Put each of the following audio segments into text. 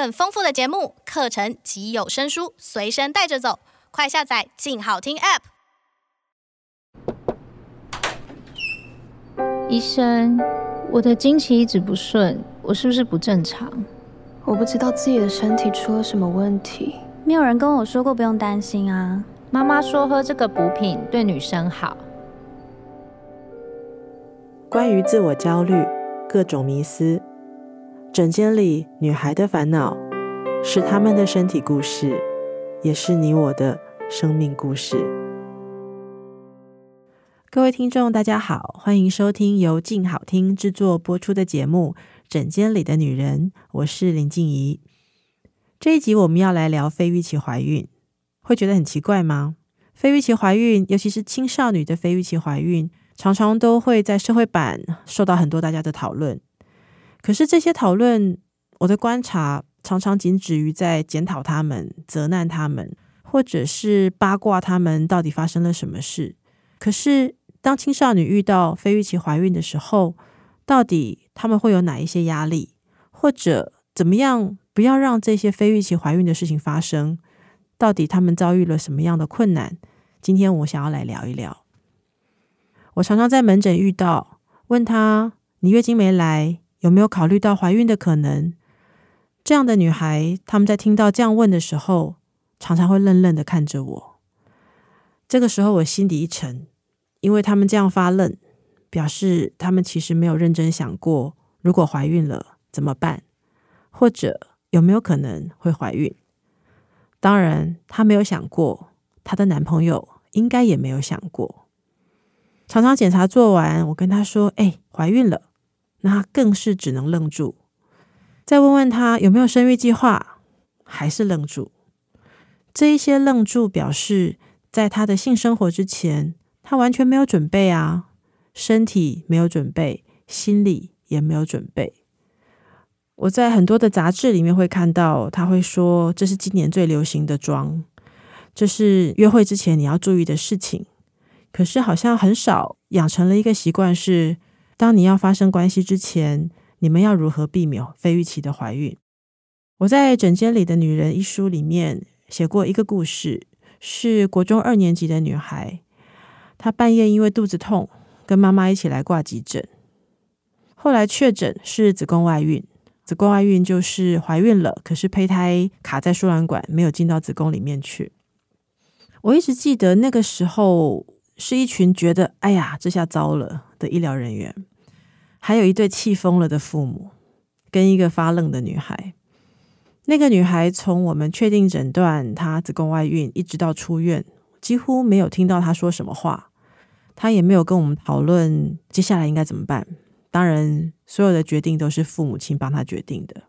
很豐富的節目、課程及有聲書隨身帶着走，快下載“靜好聽 ”App。醫生，我的經期一直不順，我是不是不正常？我不知道自己的身體出了什麼問題。沒有人跟我說過不用擔心啊。媽媽說喝這個補品對女生好。關於自我焦慮，各種迷思。診間裡女孩的煩惱，是他們的身體故事，也是你我的生命故事。各位聽眾，大家好，歡迎收聽由靜好聽制作播出的節目《診間裡的女人》，我是林靜儀。這一集我們要來聊非預期懷孕，會覺得很奇怪嗎？非預期懷孕，尤其是青少女的非預期懷孕，常常都會在社會版受到很多大家的討論。可是這些討論，我的觀察常常僅止於在檢討他們、責難他們，或者是八卦他們到底發生了什麼事。可是當青少女遇到非預期懷孕的時候，到底他們會有哪一些壓力，或者怎麼樣不要讓這些非預期懷孕的事情發生？到底他們遭遇了什麼樣的困難？今天我想要來聊一聊。我常常在門診遇到，問他：“你月經沒來？”有沒有考慮到懷孕的可能？這樣的女孩，她們在聽到這樣問的時候，常常會愣愣地看着我。這個時候，我心底一沉，因為她們這樣發愣，表示她們其實沒有認真想過，如果懷孕了怎麼辦，或者有沒有可能會懷孕。當然，她沒有想過，她的男朋友應該也沒有想過。常常檢查做完，我跟她說：“哎、欸，懷孕了。”那更是只能愣住，再問問他有沒有生育計劃，還是愣住。這一些愣住表示，在他的性生活之前，他完全沒有準備啊，身體沒有準備，心理也沒有準備。我在很多的雜誌裡面會看到，他會說這是今年最流行的妝，這是約會之前你要注意的事情。可是好像很少養成了一個習慣是。當你要發生關係之前，你們要如何避免非預期的懷孕？我在《診間裡的女人》一書裡面寫過一個故事，是國中二年級的女孩，她半夜因為肚子痛，跟媽媽一起來掛急診，後來確診是子宮外孕。子宮外孕就是懷孕了，可是胚胎卡在輸卵管，沒有進到子宮裡面去。我一直記得那個時候，是一群覺得“哎呀，這下糟了”的醫療人員。還有一對氣瘋了的父母，跟一個發愣的女孩。那個女孩從我們確定診斷她子宮外孕，一直到出院，幾乎沒有聽到她說什麼話。她也沒有跟我們討論接下來應該怎麼辦。當然，所有的決定都是父母親幫她決定的。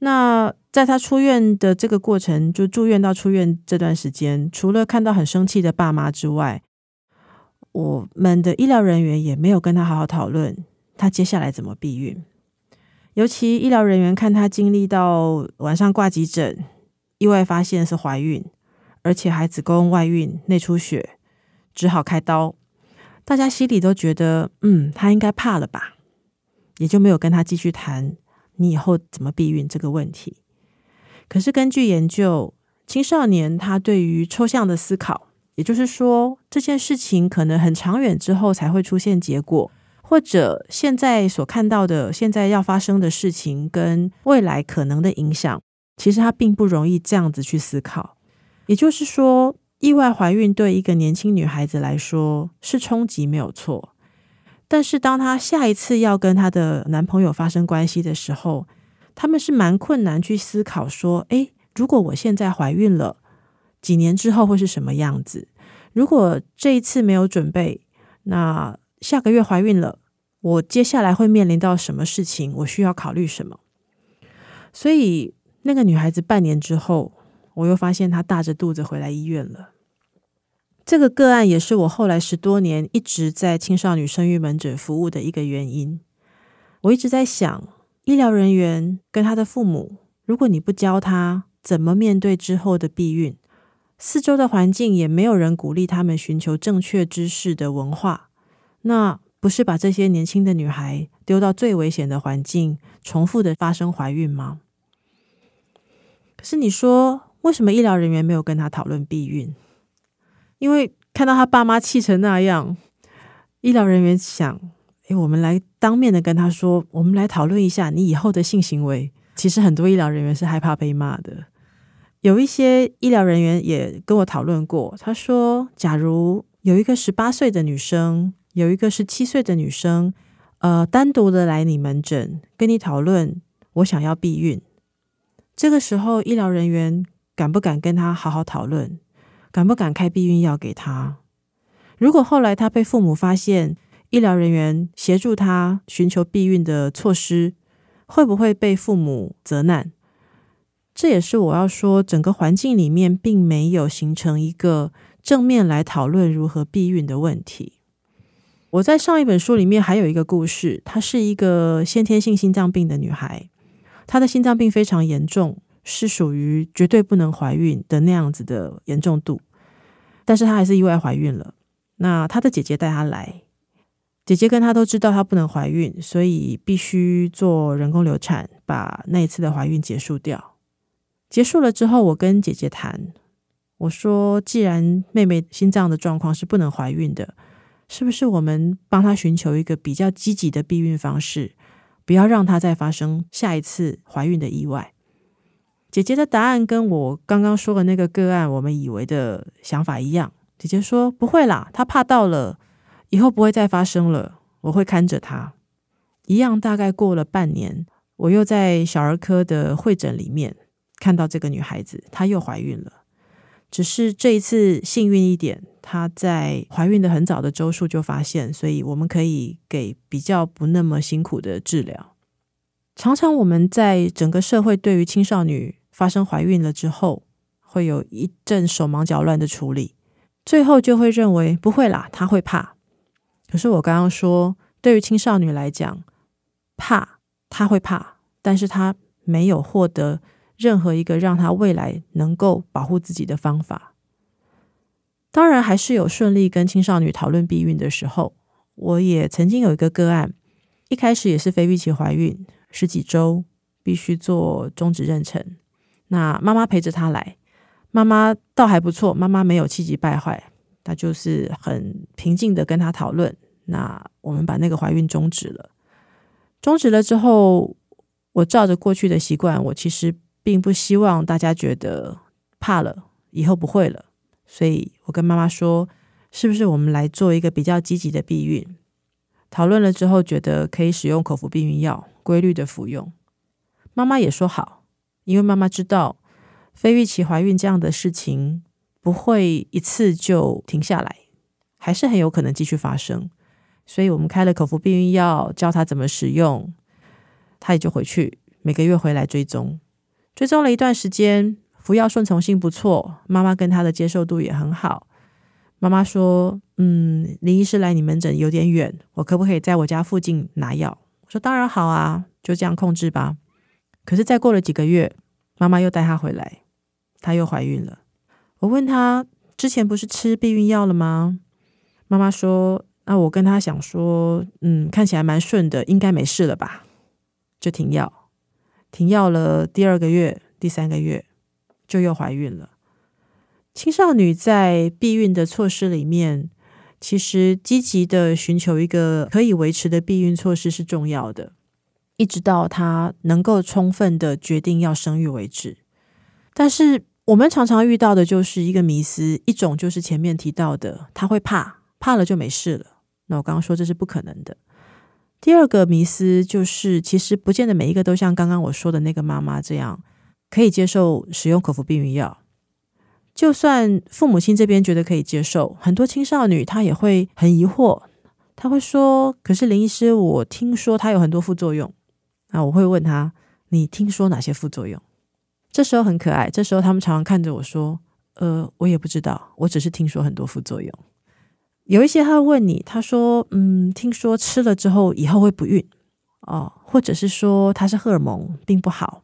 那在她出院的這個過程，就住院到出院這段時間，除了看到很生氣的爸媽之外，我們的醫療人員也沒有跟她好好討論。他接下來怎麼避孕？尤其醫療人員看他經歷到晚上掛急診，意外發現是懷孕，而且還子宮外孕、內出血，只好開刀。大家心裡都覺得，嗯，他應該怕了吧？也就沒有跟他繼續談你以後怎麼避孕這個問題。可是根據研究，青少年他對於抽象的思考，也就是說，這件事情可能很長遠之後才會出現結果。或者現在所看到的，現在要發生的事情跟未來可能的影響，其實他並不容易這樣子去思考。也就是說，意外懷孕對一個年輕女孩子來說是衝擊沒有錯，但是當她下一次要跟她的男朋友發生關係的時候，他們是蠻困難去思考說：誒，如果我現在懷孕了，幾年之後會是什麼樣子？如果這一次沒有準備，那。下個月懷孕了，我接下來會面臨到什麼事情？我需要考慮什麼？所以那個女孩子半年之後，我又發現她大着肚子回來醫院了。這個個案也是我後來十多年一直在青少女生育門診服務的一個原因。我一直在想，醫療人員跟他的父母，如果你不教他怎麼面對之後的避孕，四周的環境也沒有人鼓勵他們尋求正確知識的文化。那不是把這些年輕的女孩丟到最危險的環境，重複的發生懷孕嗎？可是你說，為什麼醫療人員沒有跟她討論避孕？因為看到他爸媽氣成那樣，醫療人員想：哎，我們來當面的跟他說，我們來討論一下你以後的性行為。其實很多醫療人員是害怕被罵的。有一些醫療人員也跟我討論過，他說：假如有一個十八歲的女生。有一個十七歲的女生，呃，單獨的來你門診跟你討論，我想要避孕。這個時候，醫療人員敢不敢跟她好好討論？敢不敢開避孕藥給她？如果後來她被父母發現，醫療人員協助她尋求避孕的措施，會不會被父母責難？這也是我要說，整個環境裡面並沒有形成一個正面來討論如何避孕的問題。我在上一本書裡面還有一個故事，她是一個先天性心臟病的女孩，她的心臟病非常嚴重，是屬於絕對不能懷孕的那樣子的嚴重度，但是她還是意外懷孕了。那她的姐姐帶她來，姐姐跟她都知道她不能懷孕，所以必須做人工流產，把那一次的懷孕結束掉。結束了之後，我跟姐姐談，我說既然妹妹心臟的狀況是不能懷孕的。是不是我們幫她尋求一個比較積極的避孕方式，不要讓她再發生下一次懷孕的意外？姐姐的答案跟我剛剛說的那個個案，我們以為的想法一樣。姐姐說不會啦，她怕到了以後不會再發生了，我會看着她。一樣，大概過了半年，我又在小兒科的會診裡面看到這個女孩子，她又懷孕了，只是這一次幸運一點。她在懷孕的很早的週數就發現，所以我們可以給比較不那麼辛苦的治療。常常我們在整個社會對於青少女發生懷孕了之後，會有一陣手忙腳亂的處理，最後就會認為不會啦，她會怕。可是我剛剛說，對於青少女來講，怕，她會怕，但是她沒有獲得任何一個讓她未來能夠保護自己的方法。當然，還是有順利跟青少女討論避孕的時候。我也曾經有一個個案，一開始也是非預期懷孕，十幾周必須做終止妊娠。那媽媽陪着她來，媽媽倒還不錯，媽媽沒有氣急敗壞，她就是很平靜的跟她討論。那我們把那個懷孕終止了。終止了之後，我照着過去的習慣，我其實並不希望大家覺得怕了，以後不會了，所以。我跟媽媽說，是不是我們來做一個比較積極的避孕？討論了之後，覺得可以使用口服避孕藥，規律的服用。媽媽也說好，因為媽媽知道非預期懷孕這樣的事情不會一次就停下來，還是很有可能繼續發生，所以我們開了口服避孕藥，教她怎麼使用，她也就回去，每個月回來追蹤，追蹤了一段時間。服藥順從性不錯，媽媽跟她的接受度也很好。媽媽說：“嗯，林醫師來你門診有點遠，我可不可以在我家附近拿藥？”我說：“當然好啊，就這樣控制吧。”可是再過了幾個月，媽媽又帶她回來，她又懷孕了。我問她：“之前不是吃避孕藥了嗎？”媽媽說：“那、啊、我跟她想說，嗯，看起來蠻順的，應該沒事了吧？”就停藥。停藥了，第二個月、第三個月。就又懷孕了。青少女在避孕的措施裡面，其實積極的尋求一個可以維持的避孕措施是重要的，一直到她能夠充分的決定要生育為止。但是我們常常遇到的就是一個迷思，一種就是前面提到的，她會怕，怕了就沒事了。那我剛剛說這是不可能的。第二個迷思就是，其實不見得每一個都像剛剛我說的那個媽媽這樣。可以接受使用口服避孕藥，就算父母親這邊覺得可以接受，很多青少女她也會很疑惑。她會說：“可是林醫師，我聽說他有很多副作用。”啊，我會問他：“你聽說哪些副作用？”這時候很可愛。這時候他們常常看着我說：“呃，我也不知道，我只是聽說很多副作用。”有一些他會問你：“他說，嗯，聽說吃了之後以後會不孕哦，或者是說他是荷爾蒙並不好。”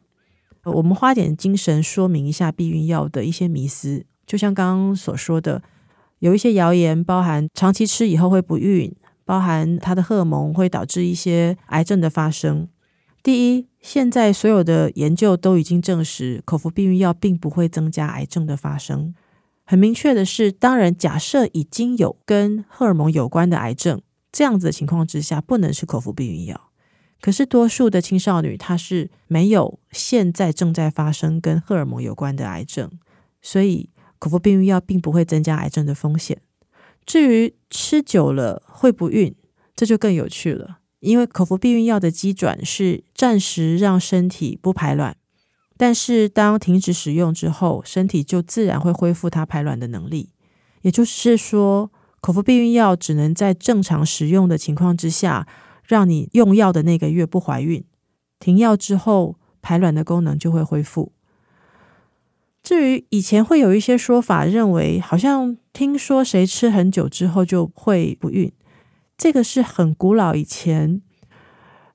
我們花點精神說明一下避孕藥的一些迷思，就像剛剛所說的，有一些謠言包含長期吃以後會不孕，包含它的荷爾蒙會導致一些癌症的發生。第一，現在所有的研究都已經證實，口服避孕藥並不會增加癌症的發生。很明確的是，當然假設已經有跟荷爾蒙有關的癌症，這樣子的情況之下，不能吃口服避孕藥。可是，多數的青少女她是沒有現在正在發生跟荷爾蒙有關的癌症，所以口服避孕藥並不會增加癌症的風險。至於吃久了會不孕，這就更有趣了，因為口服避孕藥的機轉是暫時讓身體不排卵，但是當停止使用之後，身體就自然會恢復它排卵的能力。也就是說，口服避孕藥只能在正常使用的情況之下。讓你用藥的那個月不懷孕，停藥之後排卵的功能就會恢復。至於以前會有一些說法，認為好像聽說誰吃很久之後就會不孕，這個是很古老以前，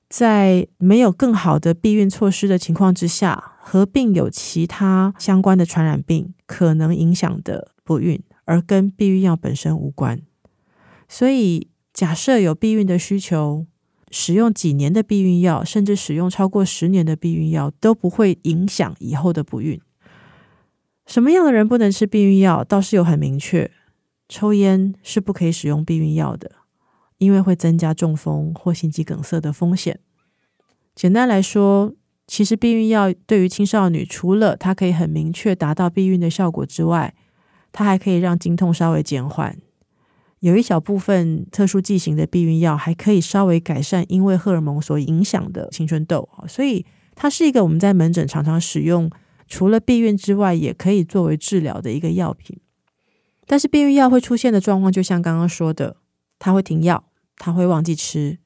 在沒有更好的避孕措施的情況之下，合併有其他相關的傳染病可能影響的不孕，而跟避孕藥本身無關。所以假設有避孕的需求。使用幾年的避孕藥，甚至使用超過十年的避孕藥，都不會影響以後的不孕。什麼樣的人不能吃避孕藥，倒是有很明確：抽菸是不可以使用避孕藥的，因為會增加中風或心肌梗塞的風險。簡單來說，其實避孕藥對於青少女，除了它可以很明確達到避孕的效果之外，它還可以讓經痛稍微減緩。有一小部分特殊劑型的避孕藥還可以稍微改善因為荷爾蒙所影響的青春痘，所以它是一個我們在門診常常使用，除了避孕之外也可以作為治療的一個藥品。但是避孕藥會出現的狀況，就像剛剛說的，它會停藥，它會忘記吃，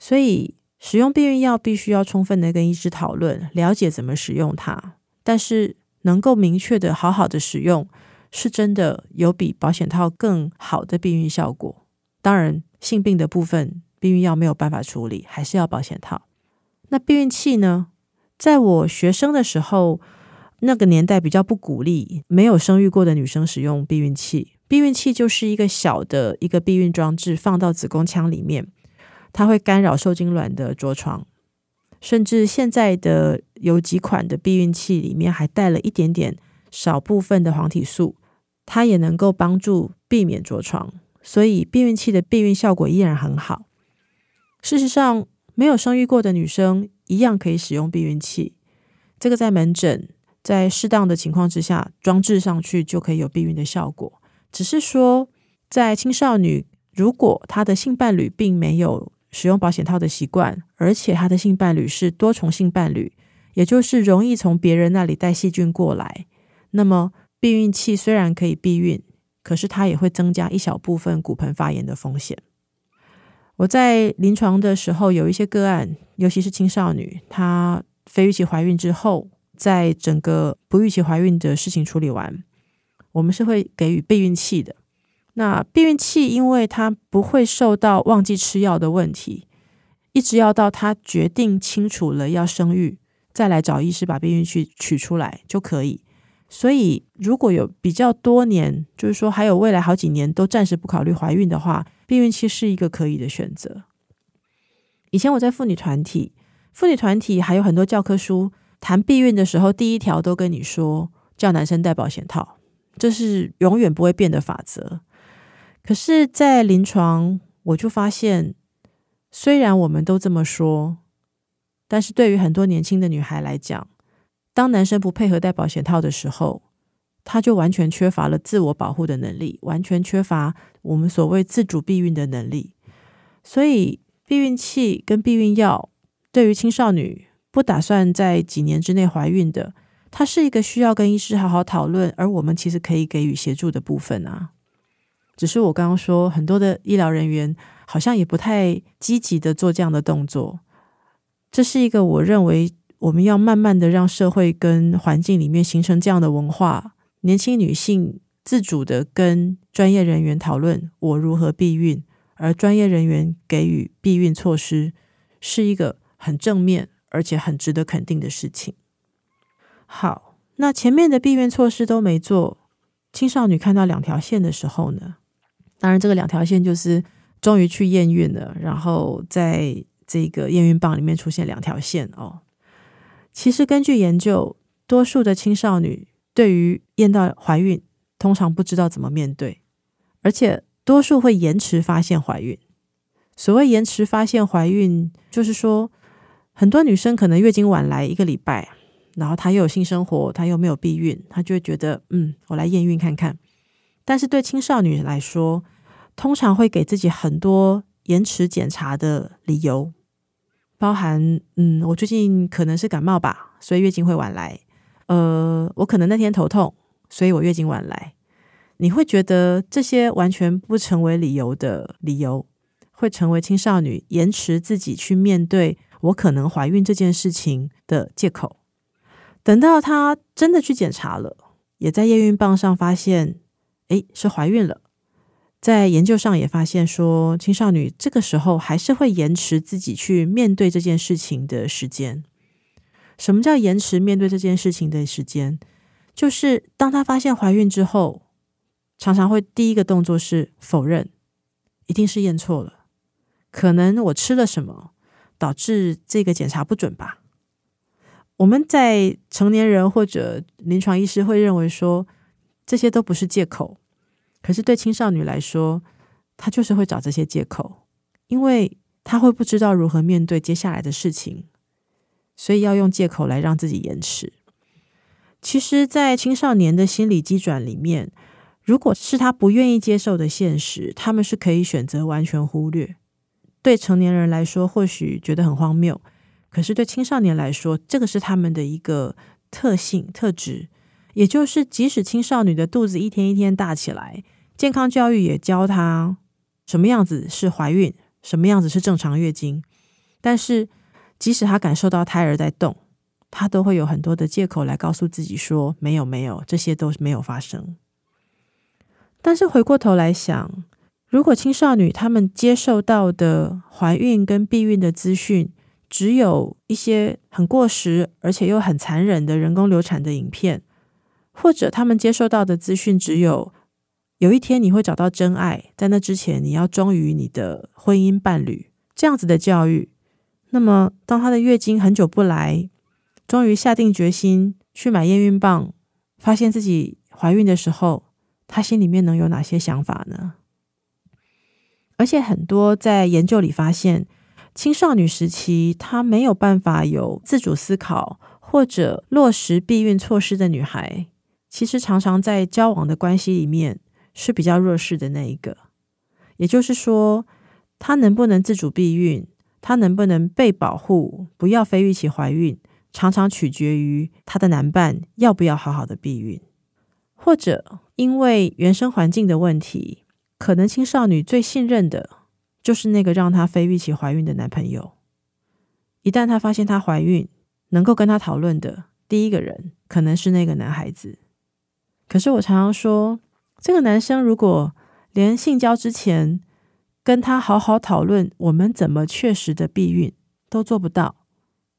所以使用避孕藥必須要充分的跟醫師討論，了解怎麼使用它，但是能夠明確的好好的使用。是真的有比保險套更好的避孕效果。當然，性病的部分避孕藥沒有辦法處理，還是要保險套。那避孕器呢？在我學生的時候，那個年代比較不鼓勵沒有生育過的女生使用避孕器。避孕器就是一個小的一個避孕裝置，放到子宮腔裡面，它會干擾受精卵的着床。甚至現在的有幾款的避孕器裡面還帶了一點點。少部分的黃體素，它也能夠幫助避免着床，所以避孕器的避孕效果依然很好。事實上，沒有生育過的女生一樣可以使用避孕器。這個在門診，在適當的情況之下，裝置上去就可以有避孕的效果。只是說，在青少女，如果她的性伴侶並沒有使用保險套的習慣，而且她的性伴侶是多重性伴侶，也就是容易從別人那裡帶細菌過來。那麼，避孕器雖然可以避孕，可是它也會增加一小部分骨盆發炎的風險。我在臨床的時候有一些個案，尤其是青少女，她非預期懷孕之後，在整個不預期懷孕的事情處理完，我們是會給予避孕器的。那避孕器因為它不會受到忘記吃藥的問題，一直要到她決定清楚了要生育，再來找醫師把避孕器取出來就可以。所以，如果有比較多年，就是說還有未來好幾年都暫時不考慮懷孕的話，避孕器是一個可以的選擇。以前我在婦女團體，婦女團體還有很多教科書談避孕的時候，第一條都跟你說，叫男生戴保險套，這是永遠不會變的法則。可是，在臨床我就發現，雖然我們都這麼說，但是對於很多年輕的女孩來講。當男生不配合戴保險套的時候，他就完全缺乏了自我保護的能力，完全缺乏我們所謂自主避孕的能力。所以，避孕器跟避孕藥對於青少女不打算在幾年之內懷孕的，它是一個需要跟醫師好好討論，而我們其實可以給予協助的部分啊。只是我剛剛說，很多的醫療人員好像也不太積極地做這樣的動作，這是一個我認為。我們要慢慢的讓社會跟環境裡面形成這樣的文化，年輕女性自主的跟專業人員討論我如何避孕，而專業人員給予避孕措施，是一個很正面而且很值得肯定的事情。好，那前面的避孕措施都沒做，青少女看到兩條線的時候呢？當然，這個兩條線就是終於去驗孕了，然後在這個驗孕棒裡面出現兩條線哦。其實根據研究，多數的青少女對於驗到懷孕，通常不知道怎麼面對，而且多數會延遲發現懷孕。所謂延遲發現懷孕，就是說很多女生可能月經晚來一個禮拜，然後她又有性生活，她又沒有避孕，她就會覺得嗯，我來驗孕看看。但是對青少女來說，通常會給自己很多延遲檢查的理由。包含，嗯，我最近可能是感冒吧，所以月經會晚來。呃，我可能那天頭痛，所以我月經晚來。你會覺得這些完全不成為理由的理由，會成為青少女延遲自己去面對我可能懷孕這件事情的借口。等到她真的去檢查了，也在驗孕棒上發現，誒，是懷孕了。在研究上也發現說，青少女這個時候還是會延遲自己去面對這件事情的時間。什麼叫延遲面對這件事情的時間？就是當她發現懷孕之後，常常會第一個動作是否認，一定是驗錯了，可能我吃了什麼，導致這個檢查不準吧。我們在成年人或者臨床醫師會認為說，這些都不是借口。可是對青少女來說，他就是會找這些借口，因為他會不知道如何面對接下來的事情，所以要用借口來讓自己延遲。其實，在青少年的心理機轉裡面，如果是他不願意接受的現實，他們是可以選擇完全忽略。對成年人來說，或許覺得很荒謬，可是對青少年來說，這個是他們的一個特性特質，也就是即使青少女的肚子一天一天大起來。健康教育也教她什麼樣子是懷孕，什麼樣子是正常月經。但是即使她感受到胎兒在動，她都會有很多的借口來告訴自己說沒有沒有，這些都是沒有發生。但是回過頭來想，如果青少女她們接受到的懷孕跟避孕的資訊，只有一些很過時而且又很殘忍的人工流產的影片，或者他們接受到的資訊只有。有一天你會找到真愛，在那之前，你要忠於你的婚姻伴侶。這樣子的教育，那麼當她的月經很久不來，終於下定決心去買驗孕棒，發現自己懷孕的時候，她心裡面能有哪些想法呢？而且很多在研究裡發現，青少女時期她沒有辦法有自主思考或者落實避孕措施的女孩，其實常常在交往的關係裡面。是比較弱勢的那一個，也就是說，她能不能自主避孕，她能不能被保護，不要非預期懷孕，常常取決於她的男伴要不要好好的避孕，或者因為原生環境的問題，可能青少女最信任的就是那個讓她非預期懷孕的男朋友。一旦她發現她懷孕，能夠跟她討論的第一個人可能是那個男孩子。可是我常常說。這個男生如果連性交之前跟他好好討論我們怎麼確實的避孕都做不到，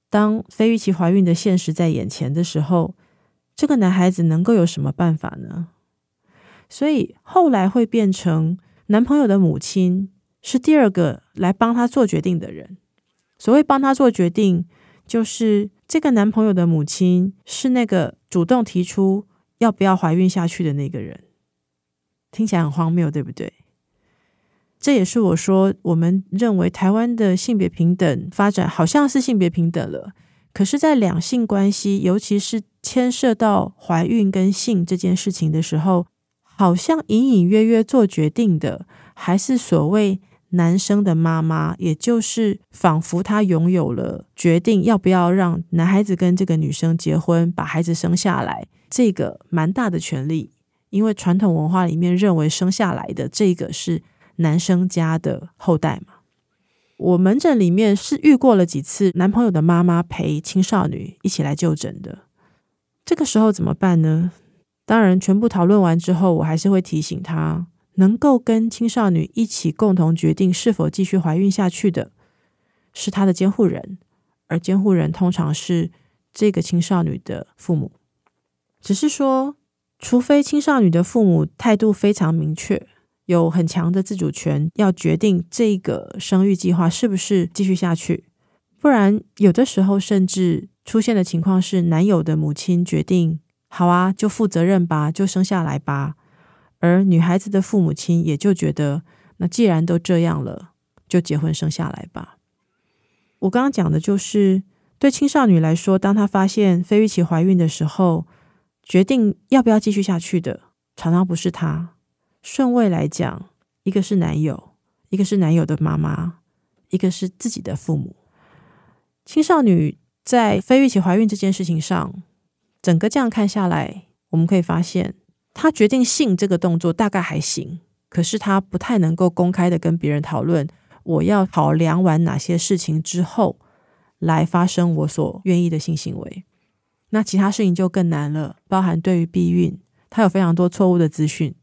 當非預期懷孕的現實在眼前的時候，這個男孩子能夠有什麼辦法呢？所以後來會變成男朋友的母親是第二個來幫他做決定的人。所謂幫他做決定，就是這個男朋友的母親是那個主動提出要不要懷孕下去的那個人。聽起來很荒謬，對不對？這也是我說，我們認為台灣的性別平等發展好像是性別平等了，可是，在兩性關係，尤其是牽涉到懷孕跟性這件事情的時候，好像隱隱約約做決定的，還是所謂男生的媽媽，也就是仿佛她擁有了決定要不要讓男孩子跟這個女生結婚、把孩子生下來這個蠻大的權利。因為傳統文化裡面認為生下來的這個是男生家的後代嘛。我門診裡面是遇過了幾次男朋友的媽媽陪青少女一起來就診的，這個時候怎麼辦呢？當然，全部討論完之後，我還是會提醒她，能夠跟青少女一起共同決定是否繼續懷孕下去的，是她的監護人，而監護人通常是這個青少女的父母，只是說。除非青少女的父母態度非常明確，有很強的自主權，要決定這個生育計劃是不是繼續下去，不然有的時候甚至出現的情況是，男友的母親決定，好啊，就負責任吧，就生下來吧，而女孩子的父母親也就覺得，那既然都這樣了，就結婚生下來吧。我剛剛講的就是，對青少女來說，當她發現非預期懷孕的時候。決定要不要繼續下去的，常常不是她。順位來講，一個是男友，一個是男友的媽媽，一個是自己的父母。青少女在非預期懷孕這件事情上，整個這樣看下來，我們可以發現，她決定性這個動作大概還行，可是她不太能夠公開的跟別人討論，我要考量完哪些事情之後，來發生我所願意的性行為。那其他事情就更難了，包含對於避孕，他有非常多錯誤的資訊，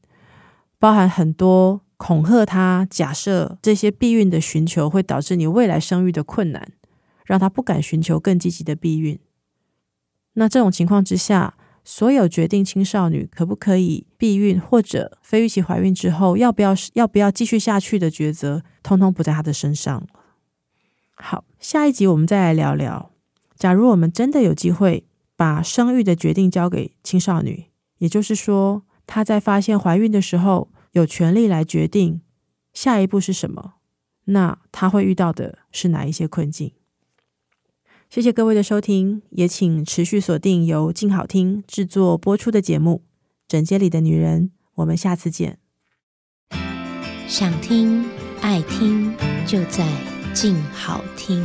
包含很多恐嚇他，假設這些避孕的尋求會導致你未來生育的困難，讓他不敢尋求更積極的避孕。那這種情況之下，所有決定青少女可不可以避孕，或者非預期懷孕之後要不要要不要繼續下去的抉擇，通通不在他的身上。好，下一集我們再來聊聊，假如我們真的有機會。把生育的決定交給青少女，也就是說，她在發現懷孕的時候有權利來決定下一步是什麼。那她會遇到的是哪一些困境？謝謝各位的收聽，也請持續鎖定由靜好聽製作播出的節目《診間裡的女人》。我們下次見。想聽愛聽，就在靜好聽。